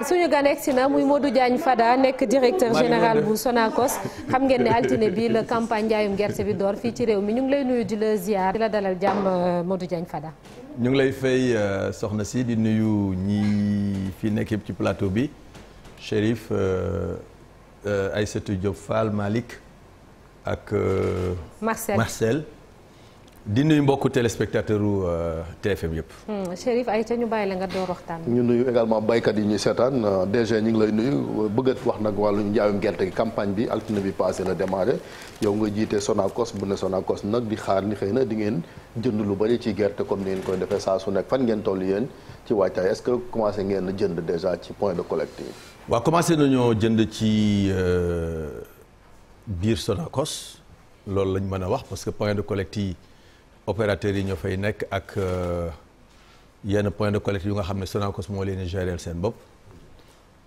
suñu gan egsi na muy Modou Diagne Fada nekk directeur général bu Sonacos xam ngeen ni altine bi la campagne njaayum gerte bi door fii ci réew mi ñu ngi lay nuyu di la ziar di la dalal jàmm euh, Modou Diagne Fada. ñu ngi lay fay euh, soxna si di nuyu ñi fi nekk yëpp ci plateau bi Chérif euh, Aïssatou Diop Fall Malick ak. Marcel Marcel. di nuyu mbokku téléspectateur u euh, TFM yëpp. Hmm, Chérif Aïcha ñu bàyyi la nga door waxtaan ñu nuyu également baykat yi ñuy seetaan euh, DG ñu ngi lay nuyu bëggat wax nag wàllu njaayum gerte gi campagne bi altine bi passé la démarré yow nga jiite Sonacos bu ne Sonacos nag di xaar ni xëy na di ngeen jënd lu bari ci gerte comme ni ngeen koy defee saa su nekk fan ngeen toll yéen ci waajtaay est-ce que commencé ngeen a jënd déjà ci point de collecte yi. waaw commencé nañoo jënd ci euh, biir Sonacos loolu lañ mën a wax parce que point de collecte yi. opérateurs yi ñoo fay nekk ak euh, yenn point de collecte yu nga xam ne Sonacos moo leen gérer seen bopp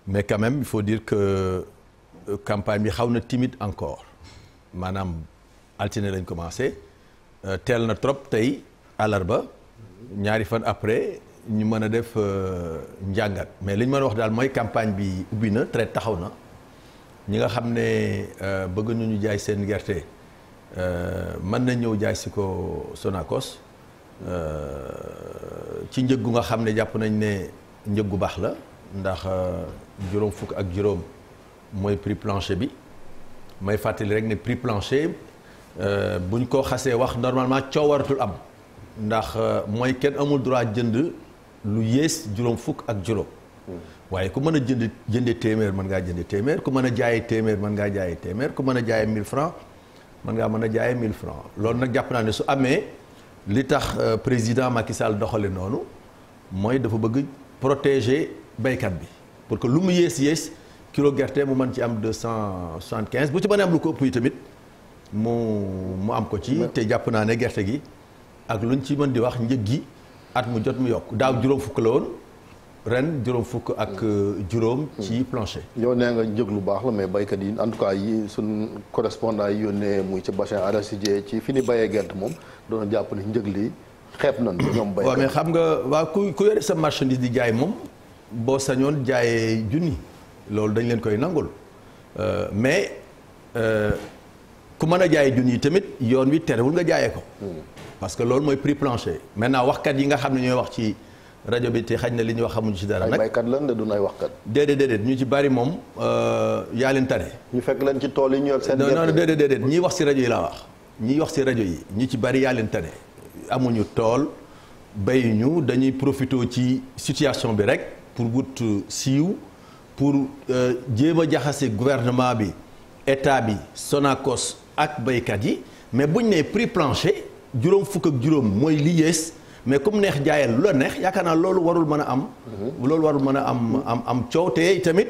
mais quand même il faut dire que euh, campagne bi xaw na timide encore maanaam altine lañ commencé euh, teel na trop tey ba ñaari fan après ñu mën a def njàngat mais li ñu mën a wax daal mooy campagne bi ubbi na traite taxaw na ñi nga xam ne bëgg nañu jaay seen gerte. Euh, mën na ñëw jaay si ko Sonacos euh, ci njëg gu nga xam ne jàpp nañ ne njëg gu baax la ndax euh, juróom fukk ak juróom mooy prix plancher bi may fàttali rek ne prix plancher buñ ko xasee wax normalement coowaratul am ndax mooy kenn amul droit jënd lu yées juróom fukk ak juróom hmm. waaye ku mën a jënd jënde téeméer mën ngaa jënde téeméer ku mën a jaaye téeméer mën ngaa jaaye ku mën a jaaye 1000 francs mën ngaa mën a jaaye mille francs loolu nag jàpp naa ne su amee li tax euh, président Macky Sall doxale noonu mooy dafa bëgg protéger baykat bi pour que lu mu yées yées kilo gerte mu mën ci am 275 bu ci mën a am lu ko ëpp yi tamit mu mu am ko ci te jàpp naa ne gerte gi ak luñ ci mën di wax njëg gi at mu jot mu yokk daaw juróom fukk la woon ren juróom fukk ak mm. euh, juróom. Mm. ci plancher. yow nee nga njëg lu baax la mais baykat yi en tout cas yi suñ correspondant yi yónnee muy ci bassin arachidier ci fi ni bayee gerte moom doon jàpp ne njëg li xeeb nañ ñoom baykat waaw xam nga waa ku ku yore sa marchandise di jaay moom boo sañoon jaayee junni loolu dañ leen koy nangul euh, mais euh, ku mën a jaayee junni yi tamit yoon wi terewul nga jaayee ko. Mm. parce que loolu mooy pris plancher maintenant waxkat yi nga xam ne ñooy wax ci. rajo bi te xaj na li ñuy wax xamuñu ci dara nag ay baykat lan la du nay waxkat. déedéet déedéet ñu ci bari moom euh, yaa leen ñu fekk leen ci tool yi ñu yor seen. gerte non non déedéet déedéet wax ci rajo yi laa wax. ñiy wax ci rajo yi ñu ci bari yaa tane amuñu tool bayuñu dañuy profité ci situation bi rek pour wut euh, siiw pour euh, jéem a jaxase gouvernement bi état bi Sonacos ak baykat yi mais buñ ne prix plancher juróom fukk ak juróom mooy li yées. mais comme neex jaayal lu la neex yaakaar naa loolu warul mën a am. Mhm. loolu warul mën a am am am coow te tamit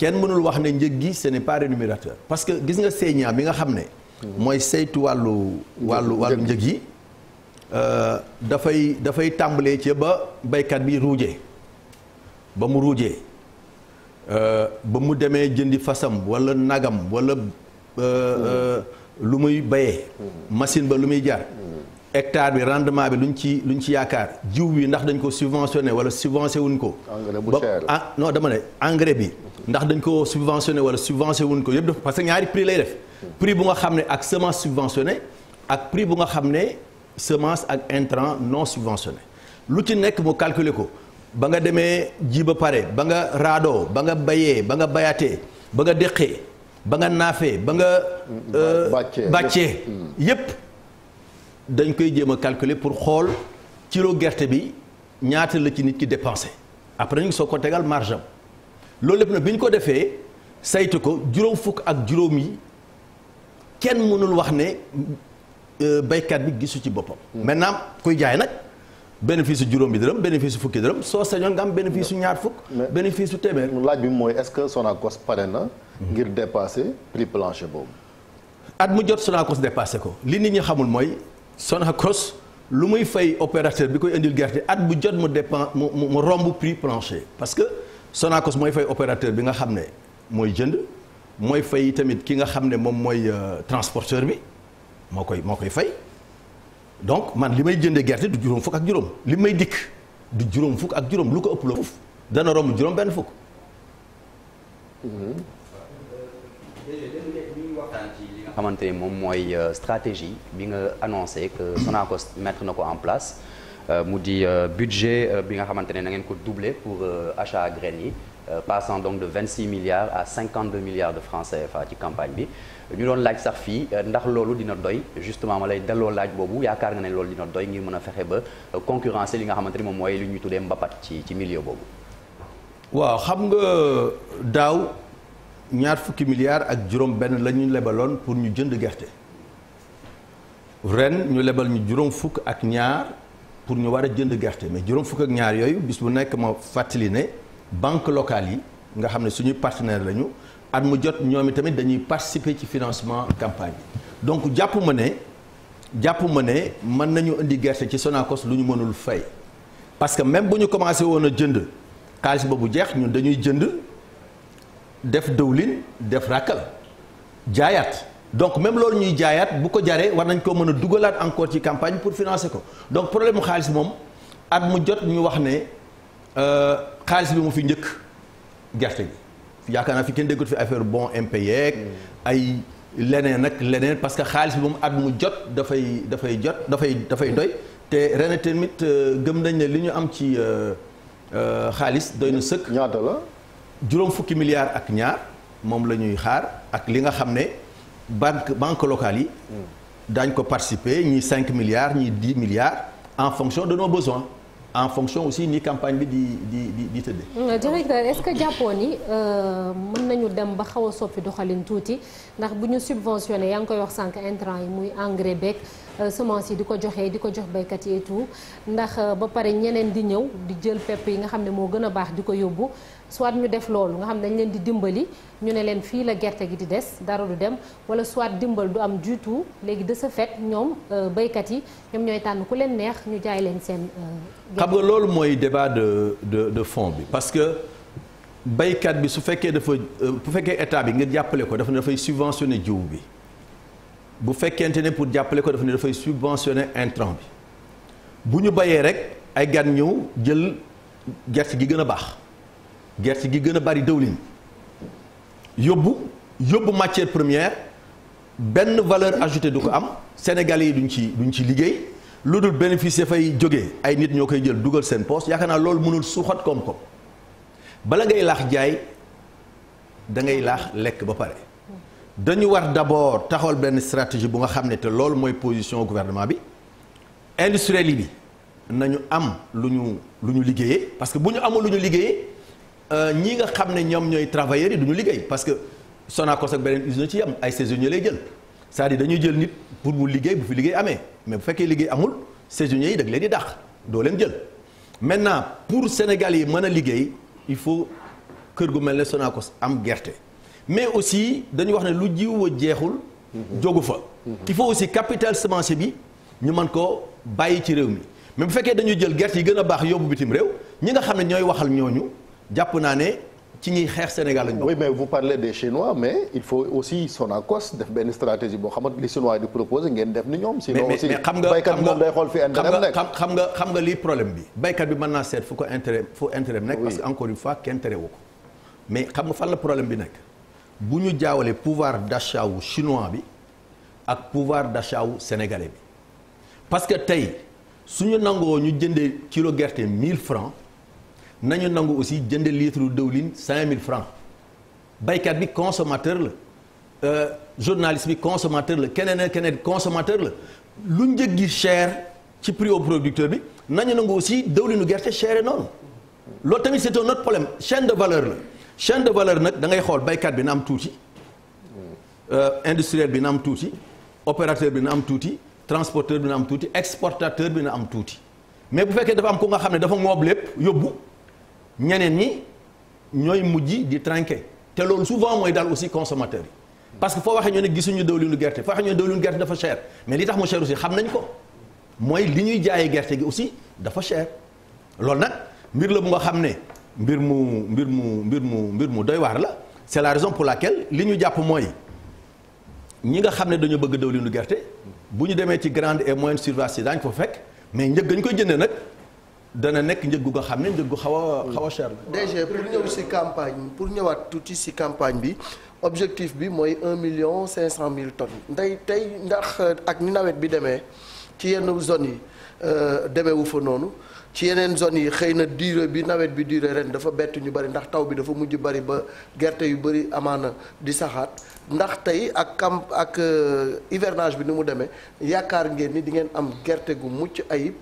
kenn mënul wax ne njëg gi seen n'est pas rémunérateur parce que gis nga CNIA bi nga xam ne. Mhm. mooy saytu wàllu. wàllu wàllu njëg yi. Euh, dafay dafay tàmbalee ci ba baykat bi ruujee ba mu ruujee euh, ba mu demee jëndi fasam walla nagam walla euh, mhm. lu muy bayee machine ba lu muy jaar hectare bi rendement bi luñ ci luñ ci yaakaar jiw bi ndax dañ ko subventionné wala subventionné wuñ ko. engrais bu cher ah non dama ne engrais bi. ndax dañ ko subventionné wala subventionné wuñ ko yëpp dafa parce que ñaari prix lay def. prix bu nga xam ne ak semence subventionnée ak prix bu nga xam ne semence ak intrant non subventionné lu ci nekk mu calculer ko ba nga demee ji ba pare ba nga raadoo ba nga bayee ba nga bayaatee ba nga deqee ba nga naafee ba nga. Euh, bàccee yëpp. Hmm. dañ koy jéem a calculer pour xool kilo gerte bi ñaata la ci nit ki dépensé après ñu soo ko degal marge loolu lépp nag bi ñu ko defee saytu ko juróom fukk ak juróom yi kenn mënul wax ne euh, baykat bi gisu ci boppam. Hmm. maintenant kuy jaay nag bénéfice su bi dërëm bénéfice su fukki dërëm soo sañoon ngam am bénéfice su hmm. ñaar fukk. bénéfice su téeméer. laaj bi mooy est-ce que Sonacos pare na. Hmm. ngir dépasser prix plancher boobu. at mu jot Sonacos dépassé ko li nit ñi xamul mooy. Sonacos lu muy fay opérateur bi koy indil gerte at bu jot mu dépend mu mu romb prix plancher parce que Sonacos mooy fay opérateur bi nga xam ne mooy jënd mooy fay tamit ki nga xam ne moom mooy euh, transporteur bi moo koy moo koy fay donc man li may jëndee gerte du juróom fukk ak juróom li may dikk du juróom fukk ak juróom lu ko ëpp la foofu dana romb juróom benn fukk. Mm-hmm. xamante ni moom mooy euh, stratégie bi nga annoncé que ko mettre na ko en place euh, mu di euh, budget bi nga xamante ne na ngeen ko doubler pour achat à graines yi passant donc de 26 milliards à 52 milliards de francs CFA ci campagne bi ñu doon laaj sax fii ndax loolu dina doy justement ma lay delloo laaj boobu yaakaar nga ne loolu dina doy ngir mën a fexe ba concurrencer li nga xamante ni moom mooy lu ñuy tuddee mbapat ci ci milieu boobu waaw xam nga daaw ñaar fukki milliards ak juróom benn la ñu lebaloon pour ñu jënd gerte ren ñu lebal ñu juróom fukk ak ñaar pour ñu war a jënd gerte mais juróom fukk ak ñaar yooyu bis bu nekk ma fàttali ne banque locale yi nga xam ne suñuy partenaire lañu at mu jot ñoom i tamit dañuy participer ci financement campagne bi donc jàpp ma ne jàpp ma ne mën nañu indi gerte ci Sonacos lu ñu mënul fay parce que même bu ñu commencé woon a jënd xaalis boobu jeex ñu dañuy jënd def dëwlin def ràkkal jaayaat donc même loolu ñuy jaayaat bu ko jaree war nañ koo mën a dugalaat encore ci campagne pour financer ko donc problème mu xaalis moom at mu jot ñu wax ne euh, xaalis bi mu fi njëkk gerte gi yaakaar naa fi kenn déggut bon impayé mm. ay leneen ak leneen parce que xaalis moom at mu jot dafay dafay jot dafay dafay doy te ren tamit euh, gëm nañ ne li ñu am ci euh, xaalis doy na sëkk. ñaata la. juróom fukki milliards ak ñaar moom la ñuy xaar ak li nga xam ne banque banque locale yi daañ ko participer ñi cinq milliards ñi dix milliards en fonction de nos besoins en fonction aussi ni campagne bi di di di di mm, directeur est-ce que jàppoon ni euh, mën nañu dem ba xaw a soppi doxalin tuuti ndax bu ñu subventionné yaa ngi koy wax sànq intrant yi muy engrais beeg euh, semence yi di ko joxee di ko jox baykat yi et ndax euh, ba pare ñeneen di ñëw di jël pepp yi nga xam ne moo gën a baax di ko yóbbu. soit ñu def loolu nga xam ne dañ leen di dimbali ñu ne leen fii la gerte gi di des dara du dem wala soit dimbal du am du tout léegi de ce fait ñoom euh, béykat yi ñoom ñooy tànn ku leen neex ñu jaay leen seen. Euh, xam nga loolu mooy débat de de de fond bi parce que béykat bi su fekkee dafa euh, bu fekkee état bi nga jàppale ko dafa ne dafay subventionné jiw bi bu fekkente ne pour jàppale ko dafa ne dafay subventionné intrant bi bu ñu bayee rek ay gan ñëw jël gerte gi gën a baax. gerte gi gën a bari dëwlin yóbbu yóbbu matière première benn valeur ajoutée du ko am sénégal yi duñ ci duñ ci liggéey lu dul bénéficier fay jóge ay nit ñoo koy jël dugal seen poste yaakaar naa loolu mënul suuxat koom-koom bala ngay laax jaay da ngay laax lekk ba pare dañu war d'abord taxawal benn stratégie bu nga xam ne te loolu mooy position gouvernement bi industriel yi bi nañu am lu ñu lu ñu liggéeyee parce que bu ñu amul lu ñu liggéeyee Euh, ñii nga xam ne ñoom ñooy travailleurs yi duñu liggéey parce que Sonacos ak beneen usine ci am ay saison saisonniers lay jël c'est-à-dire dañuy jël nit pour mu liggéey bu fi liggéey amee mais bu fekkee liggéey amul saison yi da leen di dàq doo leen jël maintenant pour Sénégal yi mën a liggéey il faut kër gu mel ne Sonacos am gerte mais aussi dañu wax ne lu jiw a jeexul jógu fa il faut aussi capital semencier bi ñu mën ko bàyyi ci réew mi mais bu fekkee dañuy jël gerte yi gën a baax yóbbu bitim réew ñi nga xam ne ñooy waxal ñooñu jàpp naa ne ci ñuy xeex Sénégal lañu. oui mais vous parlez des chinois mais il faut aussi son a Sonacos def benn stratégie boo xamante li chinois di proposer ngeen def ni ñoom. sinon aussi baykat moom day xool fi intérêt nekk xam nga xam nga lii problème bi. baykat bi mën naa seet fu ko intérêt fu intérêt nekk. parce que encore une fois kenn tere wu ko. mais xam nga fan la problème bi nekk bu ñu jaawalee pouvoir d'achat wu chinois bi ak pouvoir d'achat wu sénégalais bi parce que tey su ñu nangoo ñu jëndee kilo gerte mille francs nañu nangu aussi jënd litre dëwlin mille francs baykat bi consomateur la euh, journaliste bi consommateur la keneen ak keneen consommateur la lu njëggi gi cher ci prix producteur bi nañu nangu aussi dëwlinu gerte cher noonu loolu tamit c'est un autre problème chaîne de valeur la chaîne de valeur nag dangay xool baykat bi na am tuuti euh, industriel bi na am tuuti opérateur bi na am tuuti transporteur bi na am tuuti exportateur bi na am tuuti mais bu fekkee dafa am ku nga xam ne dafa moob lépp yóbbu ñeneen ñi ñooy mujj di trinquer te loolu souvent mooy daal aussi consommateurs yi parce que foo waxee ñu ne gisuñu dëwlinu gerte foo waxee ñu ne dëwlinu gerte dafa cher mais li tax mu cher aussi xam nañ ko mooy li ñuy jaayee gerte gi aussi dafa cher loolu nag mbir la bu nga xam ne mbir mu mbir mu mbir mu mbir mu doy waar la c'est la raison pour laquelle li ñu jàpp mooy ñi nga xam ne dañoo bëgg dëwlinu gerte bu ñu demee ci grande et moyenne surface yi daañ ko fekk mais njëg dañ koy jëndee nag. dana nekk njëg gu xam ne njëg gu xaw a xaw a cher pour ñëw si campagne pour ñëwaat tuuti si campagne bi objectif bi mooy un million cinq cent mille tonnes. nday tey ndax ak ni nawet bi demee ci yenn zones yi euh, demeewu fa noonu ci yeneen zones yi xëy na durée bi nawet bi durée ren dafa bett ñu bari ndax taw bi dafa mujj bari ba gerte yu bari amaana di saxaat ndax tey ak camp ak euh, hivernage bi ni mu demee yaakaar ngeen ni di ngeen am gerte gu mucc ayib.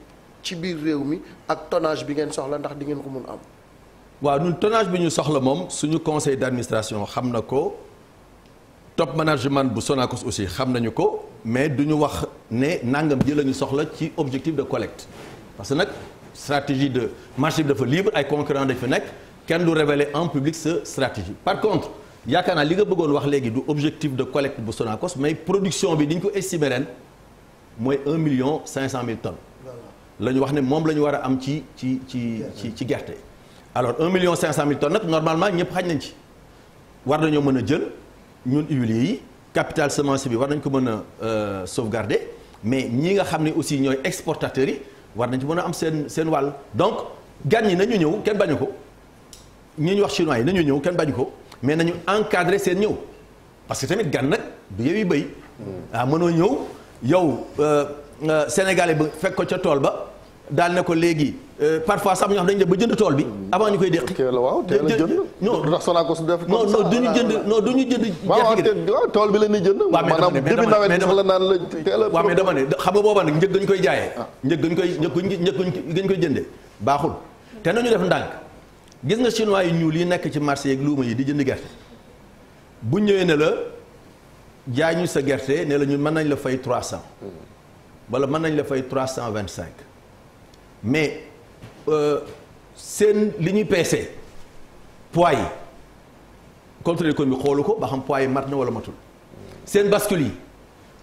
ci biir réew mi ak tonnage bi ngeen soxla ndax di ngeen ko mun am. waaw ñun tonnage bi ñu soxla moom suñu conseil d'administration xam na ko top management bu Sonacos aussi xam nañu ko mais du ñu wax ne nangam ji la ñu soxla ci objectif de collect parce que nag stratégie de marché bi dafa libre ay concurrents dañ fa nekk kenn du révéler en public sa stratégie par contre. yaakaar naa li nga bëggoon wax léegi du objectif de collecte bu Sonacos mais production bi ni ko estimé ren mooy un million cinq cent mille tonnes la ñu wax ne moom la ñu war a am ci ci ci ci ci gerte. alors 1 million cinq mille tonnes nag normalement ñëpp xaj nañ ci war nañoo mën a jël ñun huiliers yi capital semence bi war nañ ko mën a euh, sauvegarder mais ñi nga xam ne aussi ñooy exportateurs yi war nañu ci mën a am seen seen wàll. donc gan ñi nañu ñëw kenn bañu ko ñi ñu wax chinois yi nañu ñëw kenn bañu ko mais nañu encadrer seen ñëw parce que tamit gan nag du yow yi béy. Mm. Ah, mënoo ñëw yow euh, euh, sénégalais ba fekk ko ca tool ba. daal ne ko léegi euh, parfois sax ñoo xam dañu dem ba jënd tool bi mm. avant ñu koy déqi teel a waaw teel a def non non duñu jënd non duñu jënd gerte gi tool bi la ñuy jënd maanaam début nawet bi sax la a ne xam nga booba nag njëg gañ koy jaayee ah. njëg gañ koy njëg njëg gañ koy jëndee baaxul te nañu def ndànk gis nga chinois yi ñuul yi nekk ci marché yeeg luuma yi di jënd gerte bu ñëwee ne la jaay ñu sa gerte ne la ñu mën nañ la fay 300 hmm. wala mën nañ la fay 325 mais euh, seen li ñuy peese poids yi contrôle économique xoolu ko ba xam poids mat na wala matul seen bascule yi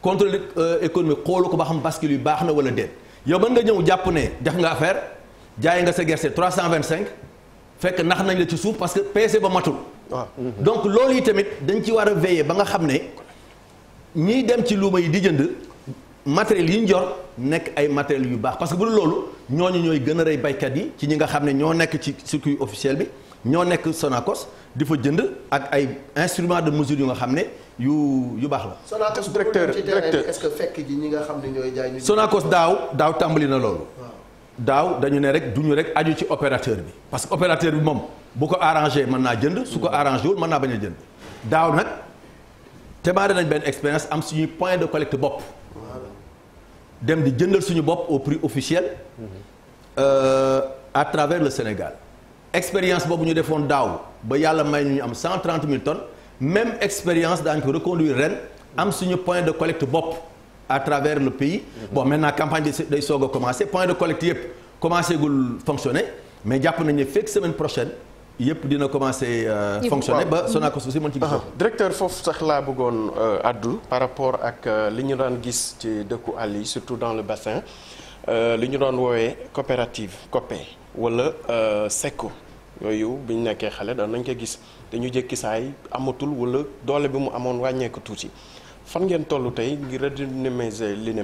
contrôle euh, économique xoolu ko ba xam bascule yi baax na wala déet yow mën nga ñëw jàpp ne def nga affaire jaay nga sa gerte trois cent vingt cinq fekk nax nañ la ci suuf parce que peese ba matul. Ah. donc loolu yi tamit dañ ci war a veiller ba nga xam ne ñiy dem ci luuma yi di jënd. matériel yi ñu jor nekk ay matériel yu baax parce que bu dul loolu ñooñu ñooy gën a rey baykat yi ci ñi nga xam ne ñoo nekk ci circuit officiel bi ñoo nekk Sonacos di jënd ak ay instrument de mesure yu nga xam ne yu yu baax la. Sonacos directeur directeur est-ce que fekk ji nga xam ne ñooy jaay. Sonacos daaw daaw tàmbali na loolu. daaw dañu ne rek duñu rek aju ci opérateur bi parce que opérateur bi moom bu ko arrangé mën naa jënd su ko arrangé wul mën naa bañ a jënd daaw nag démarré nañ benn expérience am suñuy point de collecte bopp. dem di jëndal suñu bopp au prix officiel mhm. euh, à travers le Sénégal expérience boobu ñu defoon daaw ba yàlla may ñu am cent trente mille tonnes même expérience daañu ko reconduire ren am suñu point de collecte bopp à travers le pays mhm. bon maintenant campagne bi day soog commencé point de collecte yëpp commencé gul fonctionner mais jàpp nañu ne fekk semaine prochaine yëpp dina commencé euh, fonctionner ba Sonacos aussi mën ci gis directeur foofu sax laa bëggoon euh, addu par rapport ak euh, li ñu daan gis ci dëkku àll yi surtout dans le bassin li ñu doon woowee coopérative COPE wala SECO yooyu bi ñu nekkee xale daan nañ ko gis dañu jékki saay amatul wala doole bi mu amoon wàññeeku tuuti fan ngeen toll tey ngir redynamiser li ni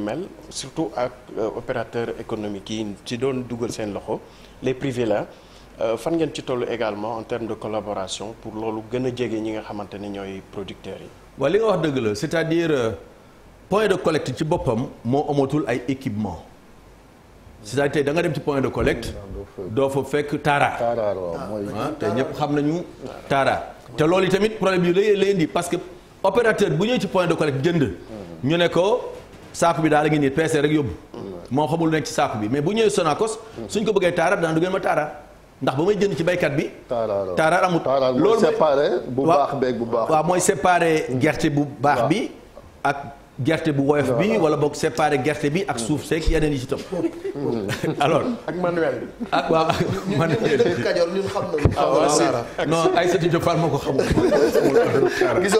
surtout ak opérateur économique yi ci doon dugal seen loxo les privés là Euh, fan ngeen ci tollu également en terme de collaboration pour loolu gën a jege ñi nga xamante ne ñooy producteurs yi. waaw li nga wax dëgg la c'est-à-dire euh, point de collecte ci boppam moo amatul ay équipement c'est-à-dire tey nga dem ci point de collecte. doo fa fekk taara. taara ah, te ñëpp xam nañu taara. te loolu tamit problème yu lay lay indi parce que opérateur bu ñëwee ci point de collecte jënd. ñu ne ko saako bi daal la ngi nii peese rek yóbbu. Mm. moo xamul nekk ci bi mais bu ñëwee Sonacos. Mm. suñ ko bëggee taara daan du ma taara. ndax ba may jënd ci baykat bi. taaraar amut loolu mooy séparé bu baax beeg mooy séparé gerte bu baax bi ak. gerte bu woyof bi wala boog séparé gerte bi ak suuf seeg yeneen yi ci tam alors ak ak waaw manuel bi kajoor ñun xam nañu ah, non ko xamul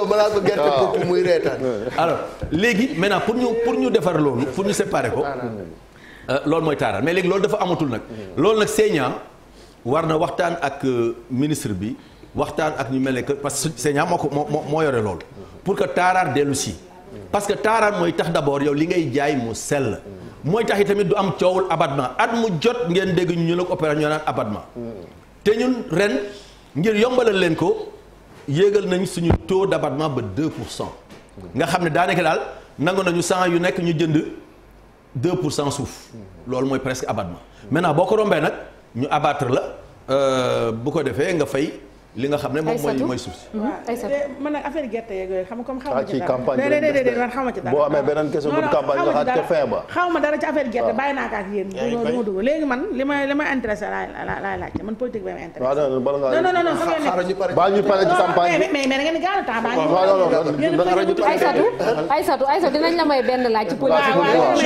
balaa ko gerte bopp muy reetaan alors léegi maintenant pour ñu pour ñu defar loolu pour ñu séparé ko euh, loolu mooy taaral mais léegi loolu dafa amatul nag mm. loolu nag seeñaa war na waxtaan ak euh, ministre bi waxtaan ak ñu mel ne que parce que sëñ moo ko moo moo yore loolu. pour que taaraar dellu si. parce que taaraar mooy tax d' abord yow li ngay jaay mu sell. mooy tax tamit du am coowul abattement at mu jot ngeen dégg ñu la ko opéra ñoo naan abattement. te ñun ren ngir yombalal leen ko yéegal nañ suñu taux d' abattement ba 2 pour cent. nga xam ne daanaka daal nangu nañu cent yu nekk ñu jënd 2 pour cent suuf. loolu mooy presque abattement. maintenant boo ko rombee nag. ñu abattre la euh, bu ko defee nga fay. li nga xam ne moom mooy mooy suuf si. Mhm. man nag affaire gerte yeeg yooyu xam nga comme xaw ma ah, ci dara xaw ma ci dara boo amee beneen question bu campagne nga xaat ca fin ba xaw ma dara ci affaire gerte bàyyi naa ko ak yéen du ma dugg léegi man li ma li ma intéressé laa laay laajte man politique ba ma intéressé non non non ba ñu pare ci campagne bi mais mais da ngeen gaaw temps baa ngi Aïssatou Aïssatou Aïssatou dinañ la may benn laaj ci politique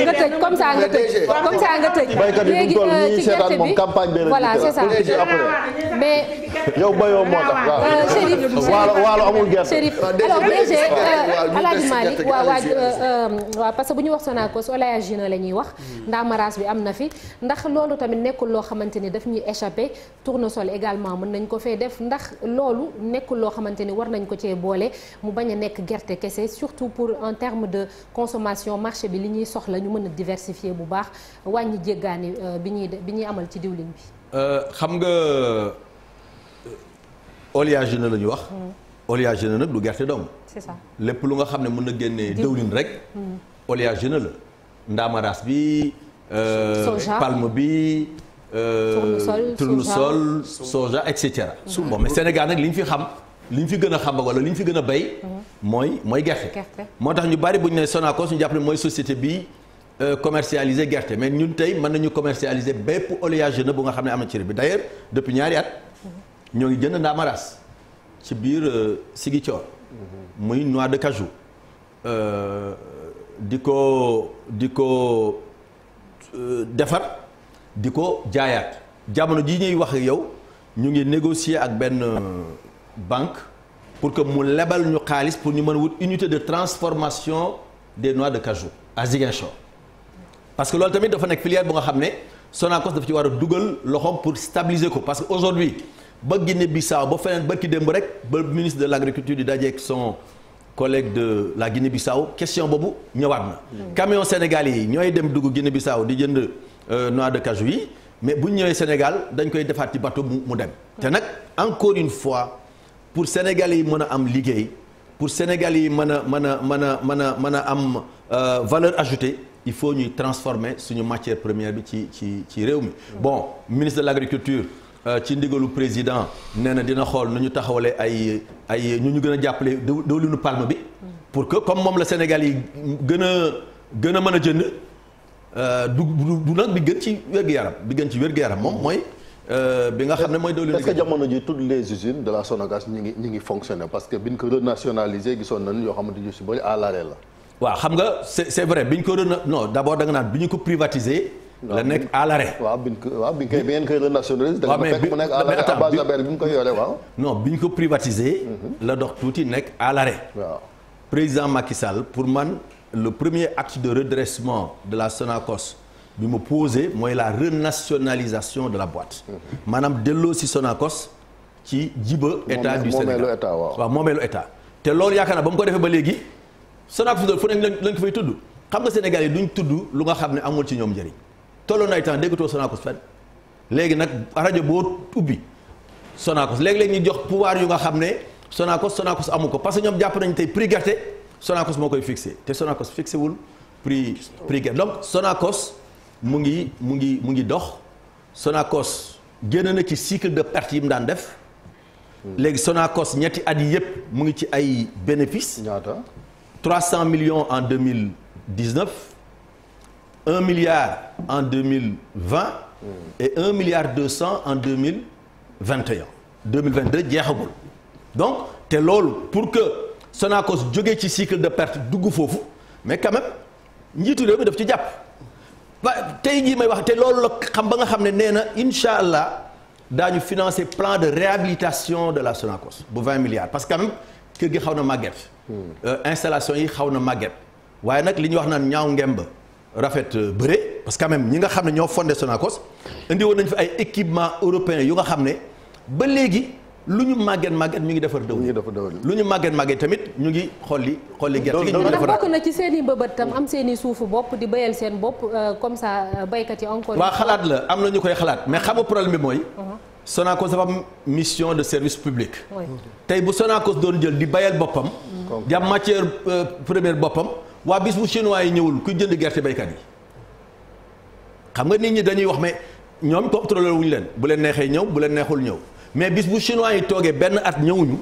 nga tëj comme ça nga tëj comme ça nga tëj baykat yi duñ toll ñi euh, seetaan moom campagne bi voilà c'est ça mais yow bayoo moo tax waaw euh, Chérif parce que bu ñu wax Sonacos oléagineux la ñuy wax ndaamaraas bi am na fi ndax loolu tamit nekkul loo xamante ni daf ñuy échappé tournesol également mën nañ ko fee def ndax loolu nekkul loo xamante ni war nañ ko cee boole mu bañ a nekk gerte kese surtout pour un terme de consommation marché bi li ñuy soxla ñu mën a diversifier bu baax wàññi jéggaani euh, bi ñuy bi ñuy amal ci diwlin bi euh, xam nga oléagineux la ñu wax. Hmm. oléagineux nag du gerte dong. c'est lépp lu nga xam ne mën na génnee dëwlin rek. Hmm. oléagineux la ndaamaraas bi. Euh, palme bi. Euh, tournesol tournesol soja et cetera. Hmm. bon mais Sénégal nag li ñu fi xam. li ñu fi gën a xam wala li ñu fi gën a béy. mooy mooy gerte. moo tax ñu bari bu ñu nee Sonacos ñu jàpp ne mooy société bi euh, commercialiser gerte mais ñun tey mën nañu commercialiser bépp oléagineux bu nga xam ne am na cere réew bi d'ailleurs dëpp ñaari at. ñoo ngi jënd ndaamaras ci biir euh, Ziguinchor mhm. muy noix de cajou euh, di ko di ko euh, defar di ko jaayaat jamono ji ñuy wax yow ñu ngi négocier ak benn banque pour que mu lebal ñu xaalis pour ñu mën a wut unité de transformation des noix de cajou à Ziguinchor parce que loolu tamit dafa nekk filière bu nga xam ne Sonacos dafa ci war a dugal loxoom pour stabiliser ko parce que aujourd'hui ba Guinée Bissau ba feneen barki démb rek ba ministre de l' agriculture di dajeeg son collègue de la Guinée Bissau question boobu ñëwaat na. camion sénégalais yi ñooy dem dugg Guinée Bissau di jënd euh, noix de cajou yi mais bu ñu ñëwee Sénégal dañ koy defaat ci bateau mu dem. te nag encore une fois pour sénégal yi mën a am liggéey pour sénégal yi mën a mën a mën a mën a mën a am euh, valeur ajoutée. il faut ñuy transformer suñu matière première bi ci ci ci réew mi. bon ministre l' agriculture. Euh, ci ndigalu président nee na dina xool nu ñu taxawalee ay ay ñu ñu gën a jàppale diwlinu palme bi. pour que comme moom la Sénégal yi gën a gën a a jënd euh, du du nag bi gën ci wér-gu-yaram bi gën ci wér-gu-yaram moom mooy. Euh, bi nga xam ne mooy doole. que jamono ji toutes les usines de la Sonagas ñi ngi ñi ngi fonctionné parce que biñ ko renationalisé gisoon nañu yoo xamante ni si bëri à l'arrêt la. waaw xam nga c'est c'est vrai biñ ko rena bi ñu ko privatiser. la nekk à waaw bi ñu koy bi ngeen koy renationalisé. da nga fekk mu nekk à l'arrêt Abbas Jaber bi non bi ñu ko privatisé. Mhm. la dox tuuti nekk à waaw président Macky Sall pour man le premier acte de redressement de la Sonacos bi mu posé mooy la renationalisation de la boîte. Mhm. maanaam delloo si Sonacos ci jiba état du Sénégal moomeelu état waaw. waaw moomeelu état te loolu yaakaar naa ba mu ko defee ba léegi Sonacos fu nekk lañ ko fay tudd xam nga Sénégal yi duñ tudd lu nga xam ne amul ci ñoom njëriñ. tolloon ay temps déggatoo Sonacos fenn léegi nag rajo boo ubbi Sonacos léeg-léeg ñu jox pouvoir yu nga xam ne Sonacos Sonacos amu ko parce que ñoom jàpp nañ tey prix gerte Sonacos moo koy fixé te sonakos fixé wul prix prix gerte donc sonakos mu ngi mu ngi mu ngi dox sonakos génn na ci cycle de perte yi mu daan def. léegi sonakos ñetti at yi yëpp mu ngi ci ay bénéfices. ñaata 300 millions en 2019. 1 milliard en 2020 et 1 milliard 200 en 2021 2022 jeexagul donc te loolu pour que Sonacos jóge ci cycle de perte dugg foofu mais quand même njiitu réew mi daf ci jàpp wa tey jii may wax te loolu la xam ba nga xam ne nee na incha allah daañu financer plan de réhabilitation de la Sonacos bu 20 milliards parce que quand kër gi xaw na màgget hmm. euh, installation yi xaw na màgget waaye nag li ñu wax naan ñaaw ngemba rafet euh, bëre parce que quand même ñi nga xam ne ñoo fondé Sonacos indi woon fi ay équipement européen yu nga xam ne ba léegi lu ñu màgget màgget ñu ngi defar dëw lu ñu màgget màgget tamit ñu ngi xolli xolli gerte gi ñu ngi ci seen i mbëbët tam am seen i suufu bopp di béyal seen bopp euh, comme ça euh, béykat yi encore waaw xalaat la am na ñu koy xalaat mais xamu problème bi mooy uh-huh. Sonacos dafa mission de service public tey bu Sonacos doon jël di bayal boppam waa bis bu chinois yi ñëwul kuy jënd gerte baykat yi xam nga nit ñi dañuy wax mais ñoom contrôlé wuñu leen bu leen neexee ñëw bu leen neexul ñëw mais bis bu chinois yi toogee benn at ñëwuñu.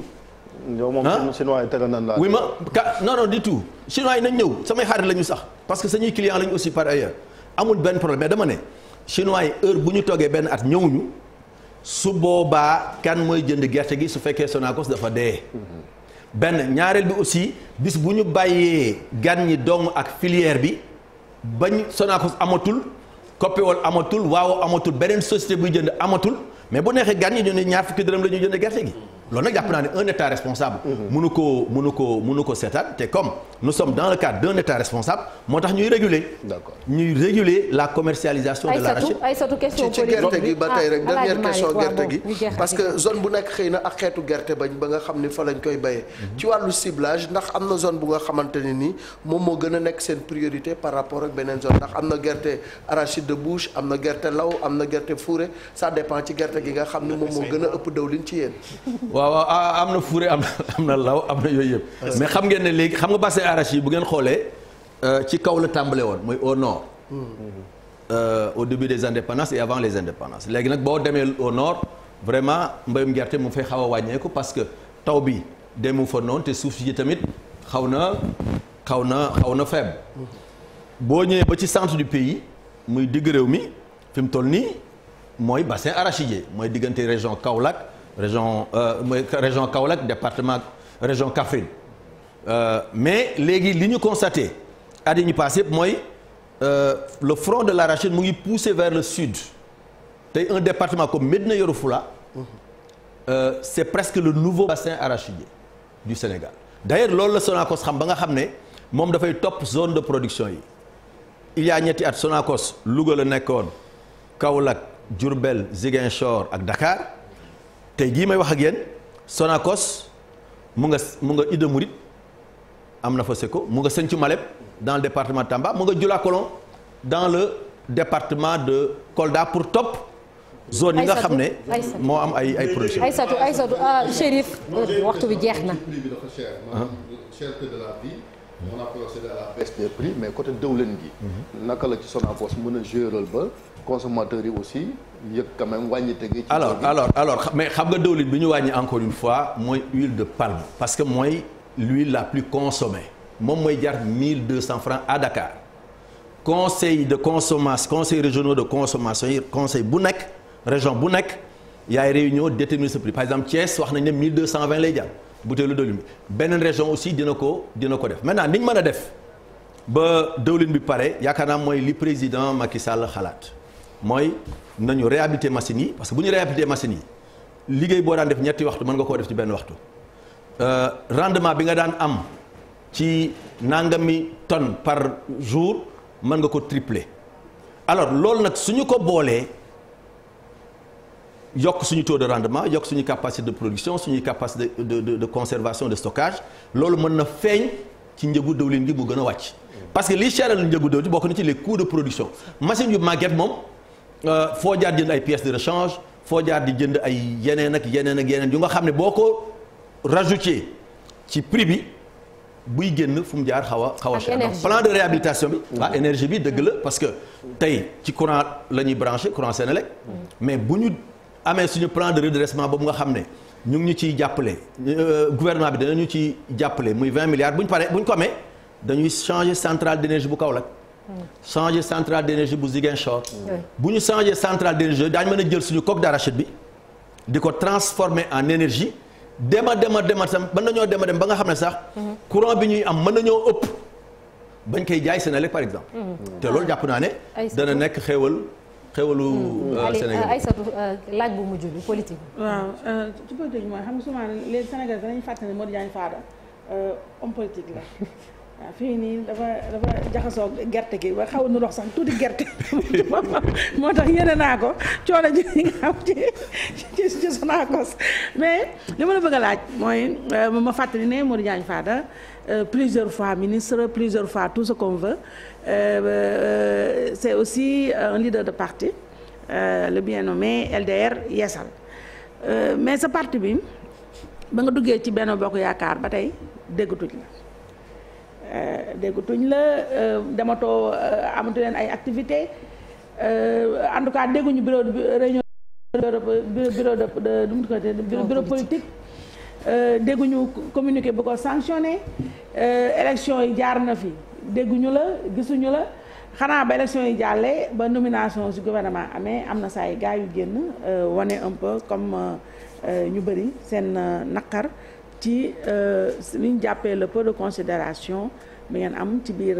ñëw moom chinois yi tegal nañ la. oui ma ka non di du tout chinois yi nañ ñëw samay xarit la ñu sax parce que sañuy client lañu aussi par ailleurs amul benn problème mais dama ne chinois yi heure bu ñu toogee benn at ñëwuñu su boobaa kan mooy jënd gerte gi su fekkee Sonacos dafa dee. Mhm. benn ñaareel bi aussi bis bu ñu bàyyee gan ñi dong ak filière bi bañ Sonacos amatul Copéol amatul waaw amatul beneen société buy jënd amatul mais bu neexee gan ñi ñu ne ñaar fukki dërëm la ñuy jënd gerte gi. loolu nag jàpp naa ne un état responsable. mënu mhm. ko munu ko munu ko seetaan te comme nu sommes dans le cadre d'un état responsable moo tax ñuy régulé d'accord ñuy réguler la commercialisation. de la ay sotu gerte gi ba tey rek ah, dernière question gerte gi. parce que zone bu nekk xëy na ak xeetu gerte bañ ba nga xam ni fa lañ koy bayee. Mhm. ci ciblage ndax am na zone bu nga xamante ne nii moom moo gën a nekk seen priorité par rapport ak beneen zone ndax am na gerte arachide de bouche am na gerte law am na gerte fuure ça dépend ci gerte gi nga xam ni moom moo gën a ëpp dawlin ci yéen waaw waaw ah, ah, am na fuure am na na law am na yooyu yëpp. mais xam ngeen ne léegi xam nga bassin arachide bu ngeen xoolee euh, ci kaw la tàmbale woon mooy au nord. Euh, au début des indépendances et avant les indépendances léegi nag boo demee au nord vraiment mbayum gerte mu fay xaw a wàññeeku parce que taw bi demu fa noonu te suuf yi tamit xaw na xaw na xaw na faible. boo ñëwee ba ci centre du pays muy digg réew mi fi mu toll nii mooy bassin arachidier mooy diggante région Kaolack. région euh, mooy région Kaolack département région Kaffrine euh, mais léegi li ñu constaté at ñu passé yëpp mooy euh, le front de l'arachide mu ngi poussé vers le sud tey un département comme na Yoro Foulah c'est presque le nouveau bassin arachidier du Sénégal d'ailleurs loolu la Sonacos xam ba nga xam ne moom dafay topp zone de production yi il y a ñetti at Sonacos Louga la nekkoon Kaolack Diourbel Ziguinchor ak Dakar tey jii may wax ak yéen Sonacos mu nga mu nga Ida Mouride am na fa Seko mu nga Sinthiou Malem dans le département Tamba mu nga Dioulacolon dans le département de Kolda pour topp zone yi nga xam ne moo am ay ay projet Aïssatou Aïssatou ah, Chérif euh, waxtu bi jeex na ah. cher que on a procédé mais côté dëwlin gi. Mhm. naka la ci Sonacos mën a joué rôle ba consommateurs yi aussi yëg quand gi. alors alors alors mais xam nga dëwlin bi ñu wàññi encore une fois mooy huile de palme parce que mooy l'huile la plus consommée moom mooy jar 1200 francs à Dakar conseil de consommation conseil régionaux de consommation yi conseil bu nekk région bu nekk yaay réunion déterminer ce prix par exemple Thiès wax nañ ne lay jar. butéelu diwlin bi beneen région aussi dina ko dina ko def maintenant niñ mën a def ba diwlin bi pare yaakaar naa mooy li président Macky sàll xalaat mooy nañu réhabiliter machine yi parce que bu ñu réhabiliter machines yi liggéey boo daan def ñetti waxtu mën nga koo def ci benn waxtu euh, rendement bi nga daan am ci mi tonne par jour mën nga ko tripler alors loolu nag su ñu ko boolee. yokk suñu taux de rendement yokk suñu capacité de production suñuy capacité de de de conservation de stockage loolu mën na feeñ ci njëgu dëwlin bi mu gën a wàcc. parce que liy cheral njëgu dëwlin bokk na ci les coûts de production machine yu magget moom euh, foo jaar jënd ay pièces de rechange foo jaar di jënd ay yeneen ak yeneen ak yeneen yu nga xam ne boo ko rajouté ci prix bi. buy génn fu mu jaar xaw a xaw a cher donc plan de réhabilitation bi waa énergie bi dëgg la parce que tey ci courant la ñuy branché courant Sénélec mm. mais amee suñu plan de redressement boobu nga xam ne ñu ngi ñu ciy jàppale euh, gouvernement bi dana ñu ci jàppale muy 20 milliards bu ñu paree bu ñu ko amee dañuy changer centrale d'énergie bu Kaolack changer centrale d'énergie bu Ziguinchor bu ñu changer centrale d'énergie daañu mën a jël suñu coque d'arachide bi di ko transformer en énergie dema dema dema sam mën nañoo dema dem ba nga xam ne sax mhm. courant bi ñuy am mën nañoo ëpp bañ koy jaay Sénélec na exemple par mhm. loolu xewalu mm. euh, Sénégal euh, Aïssatou euh, laaj bu mujj bi politique bi. waaw ci politique mooy xam nga souvent léegi Sénégal danañu fàtte ne Modou Diagne Fada homme politique la. fii nii dafa dafa jaxasoo gerte gi ba xaw nu rox sax tuuti gerte moo tax yéene naa ko coono ji nga xam ci ci ci mais li ma la bëgg a laaj mooy ma fàttali ne Modou Diagne Fada plusieurs fois ministre plusieurs fois tout ce qu'on Euh, euh, c'est aussi un leader de parti euh, le bien nommé LDR Yeesal mais sa parti bi ba nga duggee ci Benno Bokk Yaakaar ba tey déggatuñ la déggatuñ la dematoo amatu leen ay activités en tout cas dégguñu bureau de réunion bureau de de bureau politique dégguñu communiqué bu ko sanctionné élection yi jaar na fi. dégguñu la gisuñu la xanaa ba élection yi jàllee ba nomination si gouvernement amee am na saa yu gars yu génn euh, wane un peu comme euh, ñu bëri seen euh, naqar ci li ñu jàppee le peu de considération bi ngeen am ci biir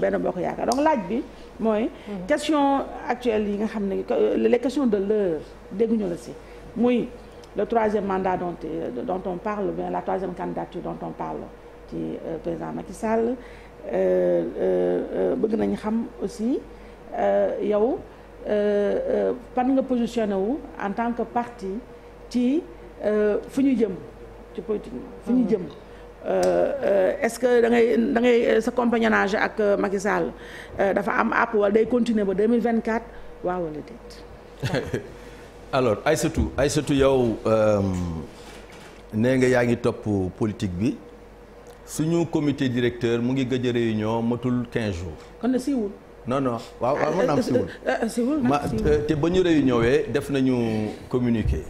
benn bokk yaakaar donc laaj bi mooy. Mhm. question actuelle yi nga xam ne les questions de l'heure dégguñu la si muy le troisième mandat dont dont on parle bien la troisième candidature dont on parle ci président Macky Sall. Euh, euh, euh, bëgg nañ xam aussi yow pan nga positionné wu en tant que parti ci fu ñu jëm ci politique fu ñu mhm. jëm est-ce que da ngay da ngay sa compagnonnage ak Macky dafa am àpp wala day continuer ba 2024 waaw wala déet alors Aïssatou Aïssatou yow nee nga yaa ngi topp politique bi suñu commité directeur mu ngi gëj a réunion matul quinze jours. kon na siiwul. non non waaw waaw mën naa siiwul. Euh, euh, siiwul euh, te ba ñu réunion wee def nañu communiqué.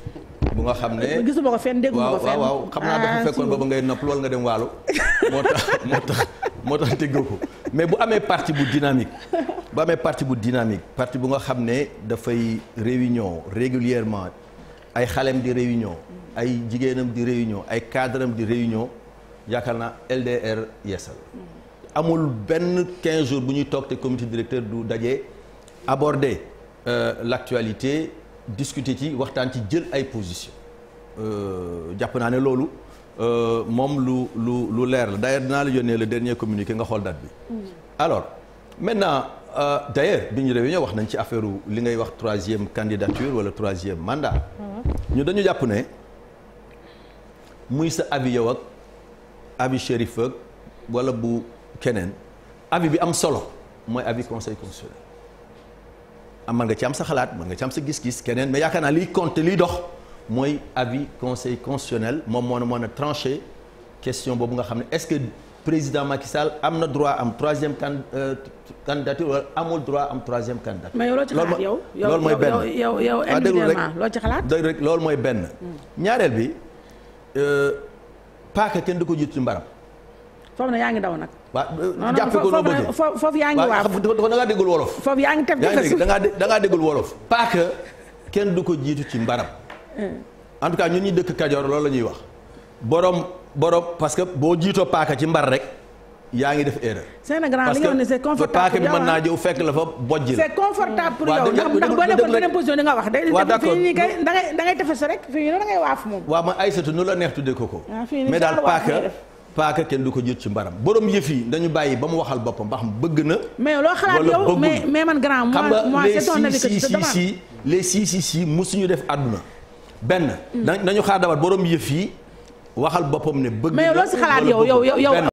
bu nga xam ne gisuma ko fenn dégguma waaw xam naa ah, fekkoon booba ngay nopp loolu nga dem waalo moo tax moo tax moo tax déggoo ko mais bu amee parti bu dynamique bu amee parti bu dynamique parti bu nga xam ne dafay réunion régulièrement ay xalem di réunion ay jigéenam di réunion ay cadre am di réunion yaakaar na LDR yeesal amul benn 15 jours bu ñuy toog te comité directeur du daje aborder euh, l'actualité discuter ci waxtaan ci jël ay position euh, jàpp naa ne loolu euh, moom lu lu lu leer la d'ailleurs dinaa la yónnee la dernier communiqué nga xool date bi. Mm. alors maintenant euh, d'ailleurs bi ñu réunion wax nañ ci affaire li ngay wax troisième candidature wala troisième mandat. Mm-hmm. ñu dañu jàpp ne muy sa avis yow ak. avis shérif ak bu keneen avis bi am solo mooy avis conseil constitutionnel am ah, nga ci am sa xalaat mën nga ci am sa gis-gis keneen mais yaakaar naa liy compte liy dox mooy avis conseil constitutionnel moom moo mën na tranché question boobu nga xam ne est-ce que président Macky Sall am na droit am troisième can euh, candidature wala amul droit am troisième candidature. mais loo ci xalaat yow mooy yow yow individuellement loo ci xalaat. dégg rek loolu mooy benn. Hmm. ñaareel bi. Euh, paaka kenn du ko jiitu mbaram. foofu na yaa ngi daw nag. waaw jàppee ko noo bëggee foofu yaa ngi waaw da ngaa déggul wolof. foofu yaa ngi teg da ngaa da ngaa déggul wolof. paaka kenn du ko jiitu ci mbaram. Eh. en tout cas ñun ñi dëkk Kajoor loolu la ñuy wax. borom borom parce que boo jiitoo paaka ci mbar rek. yaa ngi def erreur. Sénégal li nga wax ne ah. c'est confortable pour yow mën naa jëw fekk la fa bojj la. c'est confortable pour yow ndax boo nekkoon beneen position di nga wax. waaw d'accord fii nii kay da ngay da ngay tefes rek fii nii da ngay waaf moom. waaw man Aïssatou nu la neex tuddee ko ko. Ah, mais daal paaka paaka kenn du ko jot ci mbaram borom yëf yi dañu bàyyi ba mu waxal boppam ba xam bëgg na. mais loo xalaat yow mais mais man grand. moi moi c'est ton avis que tu te demandes xam nga les si si si musuñu def àdduna. benn mm. nañu xaar dabat borom yëf yi waxal boppam ne bëgg na mais loo si xalaat yow yow yow